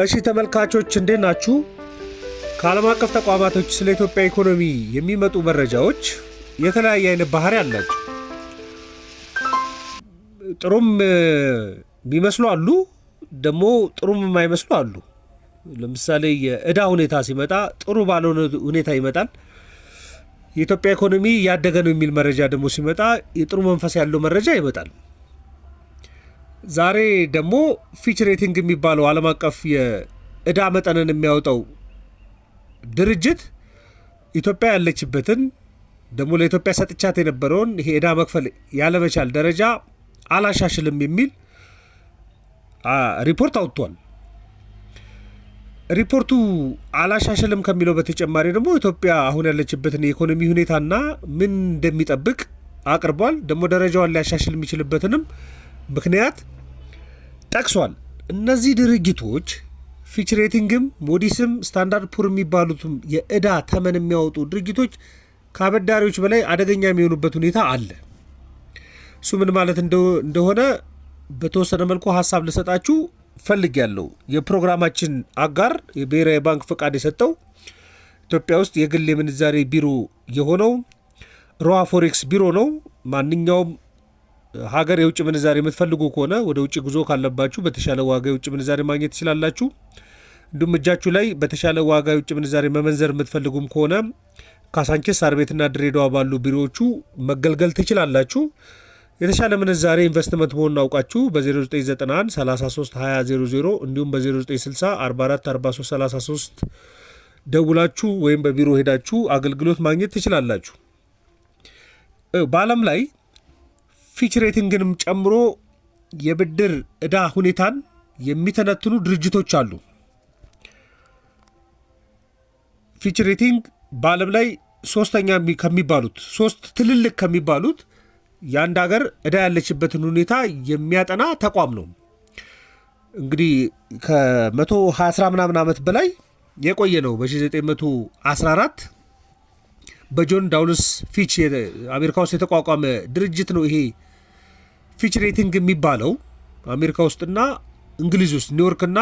እሺ ተመልካቾች እንዴት ናችሁ? ከዓለም አቀፍ ተቋማቶች ስለ ኢትዮጵያ ኢኮኖሚ የሚመጡ መረጃዎች የተለያየ አይነት ባህሪ አላቸው። ጥሩም የሚመስሉ አሉ፣ ደግሞ ጥሩም የማይመስሉ አሉ። ለምሳሌ የእዳ ሁኔታ ሲመጣ ጥሩ ባልሆነ ሁኔታ ይመጣል። የኢትዮጵያ ኢኮኖሚ ያደገ ነው የሚል መረጃ ደግሞ ሲመጣ የጥሩ መንፈስ ያለው መረጃ ይመጣል። ዛሬ ደግሞ ፊች ሬቲንግ የሚባለው ዓለም አቀፍ የእዳ መጠንን የሚያወጣው ድርጅት ኢትዮጵያ ያለችበትን ደግሞ ለኢትዮጵያ ሰጥቻት የነበረውን ይሄ እዳ መክፈል ያለመቻል ደረጃ አላሻሽልም የሚል ሪፖርት አውጥቷል። ሪፖርቱ አላሻሽልም ከሚለው በተጨማሪ ደግሞ ኢትዮጵያ አሁን ያለችበትን የኢኮኖሚ ሁኔታና ምን እንደሚጠብቅ አቅርቧል። ደግሞ ደረጃዋን ሊያሻሽል የሚችልበትንም ምክንያት ጠቅሷል። እነዚህ ድርጅቶች ፊች ሬቲንግም፣ ሞዲስም፣ ስታንዳርድ ፑር የሚባሉትም የእዳ ተመን የሚያወጡ ድርጅቶች ከአበዳሪዎች በላይ አደገኛ የሚሆኑበት ሁኔታ አለ። እሱ ምን ማለት እንደሆነ በተወሰነ መልኩ ሀሳብ ልሰጣችሁ ፈልጊያለሁ። የፕሮግራማችን አጋር የብሔራዊ ባንክ ፈቃድ የሰጠው ኢትዮጵያ ውስጥ የግል የምንዛሬ ቢሮ የሆነው ሮዋ ፎሬክስ ቢሮ ነው። ማንኛውም ሀገር የውጭ ምንዛሬ የምትፈልጉ ከሆነ ወደ ውጭ ጉዞ ካለባችሁ በተሻለ ዋጋ የውጭ ምንዛሬ ማግኘት ትችላላችሁ። እንዲሁም እጃችሁ ላይ በተሻለ ዋጋ የውጭ ምንዛሬ መመንዘር የምትፈልጉም ከሆነ ካሳንቺስ፣ ቤትና ድሬዳዋ ባሉ ቢሮዎቹ መገልገል ትችላላችሁ። የተሻለ ምንዛሬ ኢንቨስትመንት መሆኑን አውቃችሁ በ0991 33 2000 እንዲሁም በ0960 44 43 33 ደውላችሁ ወይም በቢሮ ሄዳችሁ አገልግሎት ማግኘት ትችላላችሁ። በዓለም ላይ ፊች ሬቲንግንም ጨምሮ የብድር ዕዳ ሁኔታን የሚተነትኑ ድርጅቶች አሉ። ፊች ሬቲንግ በዓለም ላይ ሶስተኛ ከሚባሉት ሶስት ትልልቅ ከሚባሉት የአንድ ሀገር ዕዳ ያለችበትን ሁኔታ የሚያጠና ተቋም ነው። እንግዲህ ከ አስራ ምናምን ዓመት በላይ የቆየ ነው። በ1914 በጆን ዳውንስ ፊች አሜሪካ ውስጥ የተቋቋመ ድርጅት ነው ይሄ ፊችሬቲንግ የሚባለው አሜሪካ ውስጥና እንግሊዝ ውስጥ ኒውዮርክና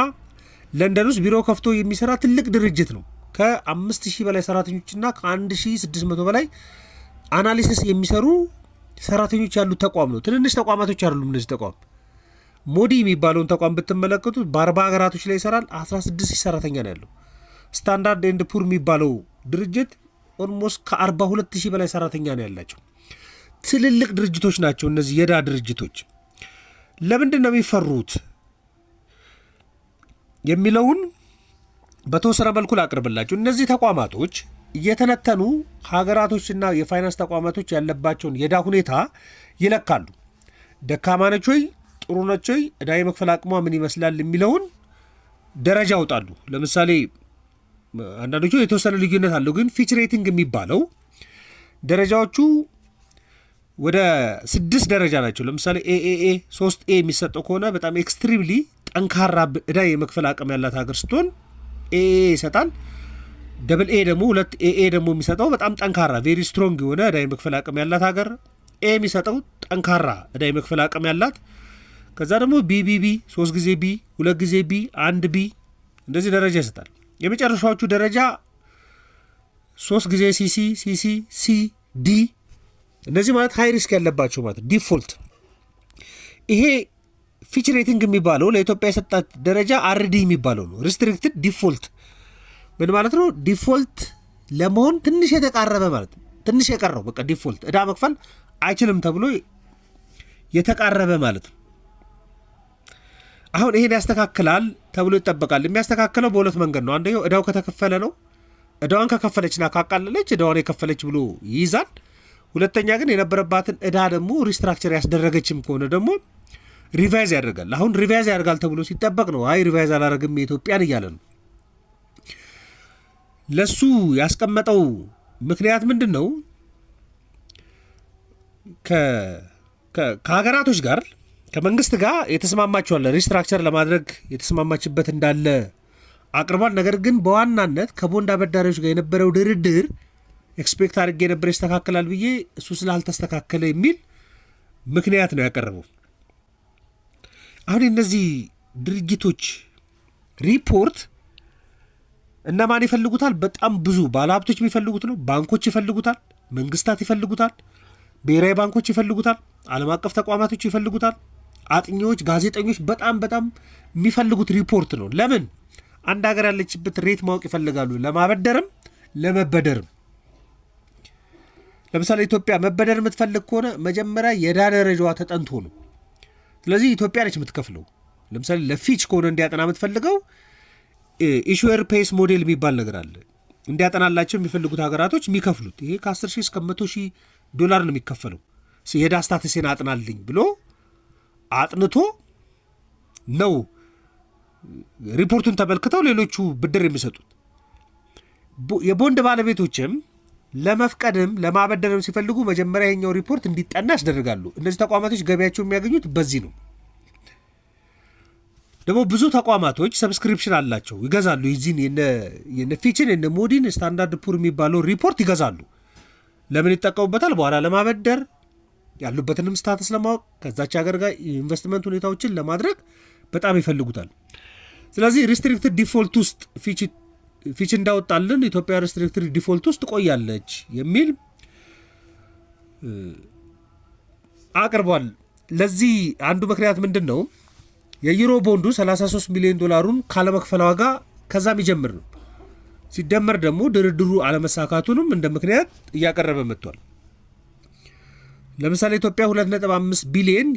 ለንደን ውስጥ ቢሮ ከፍቶ የሚሰራ ትልቅ ድርጅት ነው። ከ5000 በላይ ሰራተኞችና ከ1600 በላይ አናሊሲስ የሚሰሩ ሰራተኞች ያሉት ተቋም ነው። ትንንሽ ተቋማቶች አሉ እነዚህ ተቋም። ሞዲ የሚባለውን ተቋም ብትመለከቱት በአርባ ሀገራቶች ላይ ይሰራል። 16 ሰራተኛ ነው ያለው። ስታንዳርድ ኤንድ ፑር የሚባለው ድርጅት ኦልሞስት ከ 42000 በላይ ሰራተኛ ነው ያላቸው። ትልልቅ ድርጅቶች ናቸው እነዚህ የዕዳ ድርጅቶች። ለምንድን ነው የሚፈሩት የሚለውን በተወሰነ መልኩ ላቅርብላችሁ። እነዚህ ተቋማቶች እየተነተኑ ሀገራቶችና የፋይናንስ ተቋማቶች ያለባቸውን የዕዳ ሁኔታ ይለካሉ። ደካማ ነች ወይ ጥሩ ነች ወይ፣ ዕዳ የመክፈል አቅሟ ምን ይመስላል የሚለውን ደረጃ ያውጣሉ። ለምሳሌ አንዳንዶቹ የተወሰነ ልዩነት አለው፣ ግን ፊች ሬቲንግ የሚባለው ደረጃዎቹ ወደ ስድስት ደረጃ ናቸው። ለምሳሌ ኤኤኤ ሶስት ኤ የሚሰጠው ከሆነ በጣም ኤክስትሪምሊ ጠንካራ እዳ የመክፈል አቅም ያላት ሀገር ስትሆን ኤኤ ይሰጣል። ደብል ኤ ደግሞ ሁለት ኤኤ ደግሞ የሚሰጠው በጣም ጠንካራ ቬሪ ስትሮንግ የሆነ እዳ የመክፈል አቅም ያላት ሀገር፣ ኤ የሚሰጠው ጠንካራ እዳ የመክፈል አቅም ያላት። ከዛ ደግሞ ቢቢቢ ሶስት ጊዜ ቢ፣ ሁለት ጊዜ ቢ፣ አንድ ቢ እንደዚህ ደረጃ ይሰጣል። የመጨረሻዎቹ ደረጃ ሶስት ጊዜ ሲሲ ሲሲ ሲ ዲ እነዚህ ማለት ሀይ ሪስክ ያለባቸው ማለት ዲፎልት ይሄ ፊች ሬቲንግ የሚባለው ለኢትዮጵያ የሰጣት ደረጃ አርዲ የሚባለው ነው። ሪስትሪክትድ ዲፎልት ምን ማለት ነው? ዲፎልት ለመሆን ትንሽ የተቃረበ ማለት ትንሽ የቀረው በቃ ዲፎልት እዳ መክፈል አይችልም ተብሎ የተቃረበ ማለት ነው። አሁን ይሄን ያስተካክላል ተብሎ ይጠበቃል። የሚያስተካክለው በሁለት መንገድ ነው። አንደኛው እዳው ከተከፈለ ነው። እዳዋን ከከፈለችና ካቃለለች እዳዋን የከፈለች ብሎ ይይዛል። ሁለተኛ ግን የነበረባትን እዳ ደግሞ ሪስትራክቸር ያስደረገችም ከሆነ ደግሞ ሪቫይዝ ያደርጋል። አሁን ሪቫይዝ ያደርጋል ተብሎ ሲጠበቅ ነው አይ ሪቫይዝ አላደረግም የኢትዮጵያን እያለ ነው። ለሱ ያስቀመጠው ምክንያት ምንድን ነው? ከሀገራቶች ጋር ከመንግስት ጋር የተስማማችኋለ ሪስትራክቸር ለማድረግ የተስማማችበት እንዳለ አቅርቧል። ነገር ግን በዋናነት ከቦንድ አበዳሪዎች ጋር የነበረው ድርድር ኤክስፔክት አድርጌ ነበር ይስተካከላል ብዬ እሱ ስላልተስተካከለ የሚል ምክንያት ነው ያቀረበው። አሁን እነዚህ ድርጅቶች ሪፖርት እነማን ይፈልጉታል? በጣም ብዙ ባለሀብቶች የሚፈልጉት ነው። ባንኮች ይፈልጉታል፣ መንግስታት ይፈልጉታል፣ ብሔራዊ ባንኮች ይፈልጉታል፣ ዓለም አቀፍ ተቋማቶች ይፈልጉታል፣ አጥኚዎች፣ ጋዜጠኞች በጣም በጣም የሚፈልጉት ሪፖርት ነው። ለምን አንድ ሀገር ያለችበት ሬት ማወቅ ይፈልጋሉ፣ ለማበደርም ለመበደርም ለምሳሌ ኢትዮጵያ መበደር የምትፈልግ ከሆነ መጀመሪያ የዕዳ ደረጃዋ ተጠንቶ ነው። ስለዚህ ኢትዮጵያ ነች የምትከፍለው። ለምሳሌ ለፊች ከሆነ እንዲያጠና የምትፈልገው ኢሹዌር ፔስ ሞዴል የሚባል ነገር አለ። እንዲያጠናላቸው የሚፈልጉት ሀገራቶች የሚከፍሉት ይሄ ከ10 ሺህ እስከ 100 ሺህ ዶላር ነው የሚከፈለው። የዕዳ ስታተሴን አጥናልኝ ብሎ አጥንቶ ነው ሪፖርቱን ተመልክተው ሌሎቹ ብድር የሚሰጡት። የቦንድ ባለቤቶችም ለመፍቀድም ለማበደርም ሲፈልጉ መጀመሪያ ይሄኛው ሪፖርት እንዲጠና ያስደርጋሉ። እነዚህ ተቋማቶች ገቢያቸው የሚያገኙት በዚህ ነው። ደግሞ ብዙ ተቋማቶች ሰብስክሪፕሽን አላቸው፣ ይገዛሉ። ይህን የነ ፊችን የነ ሞዲን ስታንዳርድ ፑር የሚባለው ሪፖርት ይገዛሉ። ለምን ይጠቀሙበታል? በኋላ ለማበደር ያሉበትንም ስታትስ ለማወቅ ከዛች ሀገር ጋር የኢንቨስትመንት ሁኔታዎችን ለማድረግ በጣም ይፈልጉታል። ስለዚህ ሪስትሪክትድ ዲፎልት ውስጥ ፊች ፊች እንዳወጣልን ኢትዮጵያ ሬስትሪክትድ ዲፎልት ውስጥ ቆያለች የሚል አቅርቧል። ለዚህ አንዱ ምክንያት ምንድን ነው? የዩሮ ቦንዱ 33 ሚሊዮን ዶላሩን ካለመክፈል ዋጋ ከዛም ይጀምር ነው። ሲደመር ደግሞ ድርድሩ አለመሳካቱንም እንደ ምክንያት እያቀረበ መጥቷል። ለምሳሌ ኢትዮጵያ 2.5 ቢሊዮን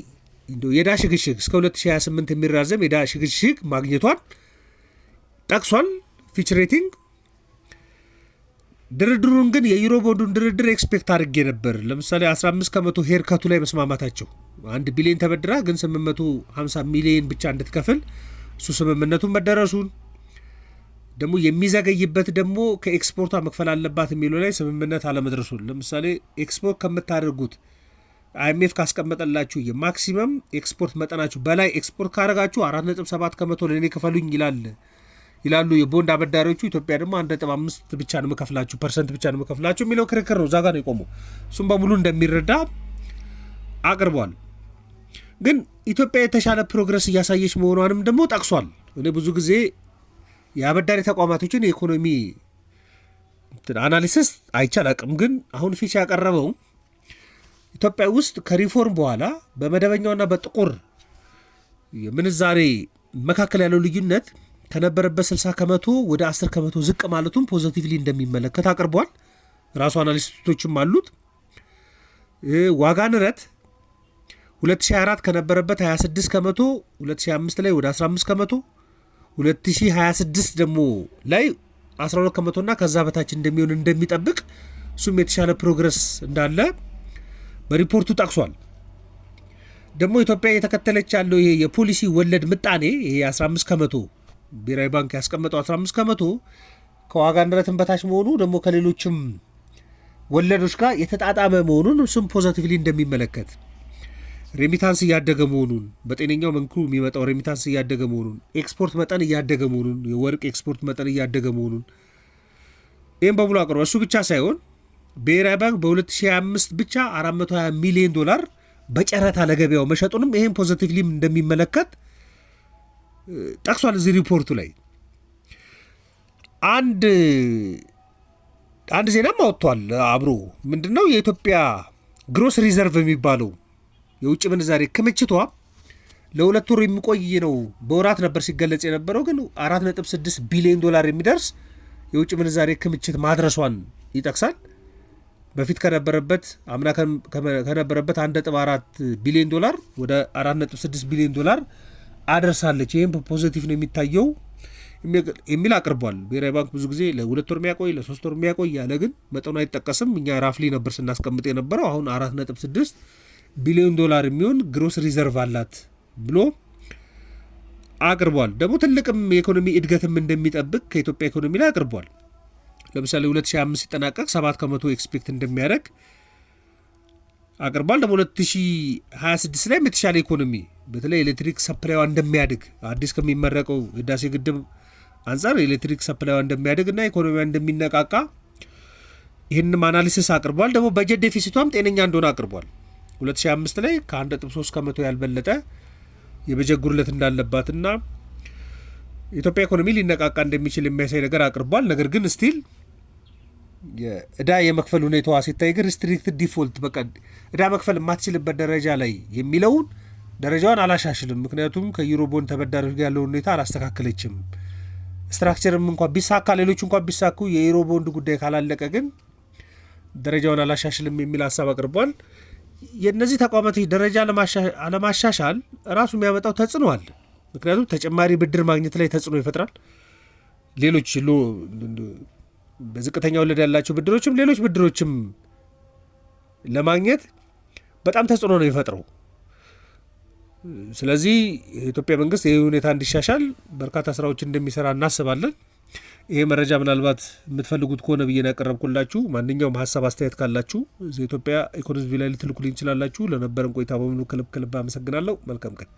የዕዳ ሽግሽግ እስከ 2028 የሚራዘም የዕዳ ሽግሽግ ማግኘቷን ጠቅሷል። ፊች ሬቲንግ ድርድሩን ግን የዩሮ ቦንዱን ድርድር ኤክስፔክት አድርጌ ነበር። ለምሳሌ 15 ከመቶ ሄርከቱ ላይ መስማማታቸው አንድ ቢሊዮን ተበድራ ግን 850 ሚሊዮን ብቻ እንድትከፍል እሱ ስምምነቱን መደረሱን ደግሞ የሚዘገይበት ደግሞ ከኤክስፖርቷ መክፈል አለባት የሚለው ላይ ስምምነት አለመድረሱን ለምሳሌ ኤክስፖርት ከምታደርጉት አይኤምኤፍ ካስቀመጠላችሁ የማክሲመም ኤክስፖርት መጠናችሁ በላይ ኤክስፖርት ካደረጋችሁ 4.7 ከመቶ ለእኔ ክፈሉኝ ይላል ይላሉ የቦንድ አበዳሪዎቹ። ኢትዮጵያ ደግሞ አንድ ነጥብ አምስት ብቻ ነው የምከፍላችሁ ፐርሰንት ብቻ ነው የምከፍላችሁ የሚለው ክርክር ነው። እዛ ነው የቆመው። እሱም በሙሉ እንደሚረዳ አቅርቧል። ግን ኢትዮጵያ የተሻለ ፕሮግረስ እያሳየች መሆኗንም ደግሞ ጠቅሷል። እኔ ብዙ ጊዜ የአበዳሪ ተቋማቶችን የኢኮኖሚ አናሊሲስ አይቻል አቅም ግን አሁን ፊች ያቀረበው ኢትዮጵያ ውስጥ ከሪፎርም በኋላ በመደበኛውና በጥቁር ምንዛሬ መካከል ያለው ልዩነት ከነበረበት 60 ከመቶ ወደ 10 ከመቶ ዝቅ ማለቱም ፖዘቲቭሊ እንደሚመለከት አቅርቧል። ራሱ አናሊስቶችም አሉት። ዋጋ ንረት 2024 ከነበረበት 26 ከመቶ 2025 ላይ ወደ 15 ከመቶ 2026 ደግሞ ላይ 12 ከመቶና ከዛ በታች እንደሚሆን እንደሚጠብቅ እሱም የተሻለ ፕሮግረስ እንዳለ በሪፖርቱ ጠቅሷል። ደግሞ ኢትዮጵያ እየተከተለች ያለው ይሄ የፖሊሲ ወለድ ምጣኔ ይሄ 15 ከመቶ ብሔራዊ ባንክ ያስቀመጠው 15 ከመቶ ከዋጋ ንረትን በታች መሆኑ ደግሞ ከሌሎችም ወለዶች ጋር የተጣጣመ መሆኑን እሱም ፖዘቲቭሊ እንደሚመለከት ሬሚታንስ እያደገ መሆኑን በጤነኛው መንኩ የሚመጣው ሬሚታንስ እያደገ መሆኑን ኤክስፖርት መጠን እያደገ መሆኑን የወርቅ ኤክስፖርት መጠን እያደገ መሆኑን ይህም በሙሉ አቅርቧ እሱ ብቻ ሳይሆን ብሔራዊ ባንክ በ2025 ብቻ 420 ሚሊዮን ዶላር በጨረታ ለገበያው መሸጡንም ይህም ፖዘቲቭሊም እንደሚመለከት ጠቅሷል። እዚህ ሪፖርቱ ላይ አንድ አንድ ዜናም አወጥቷል አብሮ ምንድን ነው የኢትዮጵያ ግሮስ ሪዘርቭ የሚባለው የውጭ ምንዛሬ ክምችቷ ለሁለት ወር የሚቆይ ነው። በወራት ነበር ሲገለጽ የነበረው ግን 4.6 ቢሊዮን ዶላር የሚደርስ የውጭ ምንዛሬ ክምችት ማድረሷን ይጠቅሳል። በፊት ከነበረበት አምና ከነበረበት 1.4 ቢሊዮን ዶላር ወደ 4.6 ቢሊዮን ዶላር አደርሳለች። ይህም ፖዘቲቭ ነው የሚታየው የሚል አቅርቧል። ብሔራዊ ባንክ ብዙ ጊዜ ለሁለት ወር የሚያቆይ ለሶስት ወር የሚያቆይ ያለ ግን መጠኑ አይጠቀስም። እኛ ራፍሊ ነበር ስናስቀምጥ የነበረው አሁን አራት ነጥብ ስድስት ቢሊዮን ዶላር የሚሆን ግሮስ ሪዘርቭ አላት ብሎ አቅርቧል። ደግሞ ትልቅም የኢኮኖሚ እድገትም እንደሚጠብቅ ከኢትዮጵያ ኢኮኖሚ ላይ አቅርቧል። ለምሳሌ 2025 ሲጠናቀቅ 7 ከመቶ ኤክስፔክት እንደሚያደርግ አቅርቧል። ደግሞ 2026 ላይ የተሻለ ኢኮኖሚ በተለይ ኤሌክትሪክ ሰፕላይዋ እንደሚያድግ አዲስ ከሚመረቀው ህዳሴ ግድብ አንጻር ኤሌክትሪክ ሰፕላይዋ እንደሚያድግ እና ኢኮኖሚዋ እንደሚነቃቃ ይህንም አናሊሲስ አቅርቧል። ደግሞ በጀት ዴፊሲቷም ጤነኛ እንደሆነ አቅርቧል። 2005 ላይ ከ1.3 ከመቶ ያልበለጠ የበጀት ጉድለት እንዳለባትና የኢትዮጵያ ኢኮኖሚ ሊነቃቃ እንደሚችል የሚያሳይ ነገር አቅርቧል። ነገር ግን ስቲል እዳ የመክፈል ሁኔታዋ ሲታይ ግን ሪስትሪክትድ ዲፎልት በቃ እዳ መክፈል የማትችልበት ደረጃ ላይ የሚለውን ደረጃዋን አላሻሽልም። ምክንያቱም ከዩሮቦን ተበዳሪዎች ጋር ያለውን ሁኔታ አላስተካከለችም። ስትራክቸርም እንኳ ቢሳካ ሌሎች እንኳ ቢሳኩ የዩሮቦንድ ጉዳይ ካላለቀ ግን ደረጃውን አላሻሽልም የሚል ሀሳብ አቅርቧል። የእነዚህ ተቋማት ደረጃ አለማሻሻል ራሱ የሚያመጣው ተጽዕኖ አለ። ምክንያቱም ተጨማሪ ብድር ማግኘት ላይ ተጽዕኖ ይፈጥራል። ሌሎች በዝቅተኛ ወለድ ያላቸው ብድሮችም ሌሎች ብድሮችም ለማግኘት በጣም ተጽዕኖ ነው ይፈጥረው ስለዚህ የኢትዮጵያ መንግስት ይህ ሁኔታ እንዲሻሻል በርካታ ስራዎች እንደሚሰራ እናስባለን። ይሄ መረጃ ምናልባት የምትፈልጉት ከሆነ ብዬ ያቀረብኩላችሁ። ማንኛውም ሀሳብ አስተያየት ካላችሁ ኢትዮጵያ ኢኮኖሚ ላይ ልትልኩልኝ ትችላላችሁ። ለነበረን ቆይታ በሙሉ ክልብ ክልብ አመሰግናለሁ። መልካም ቀን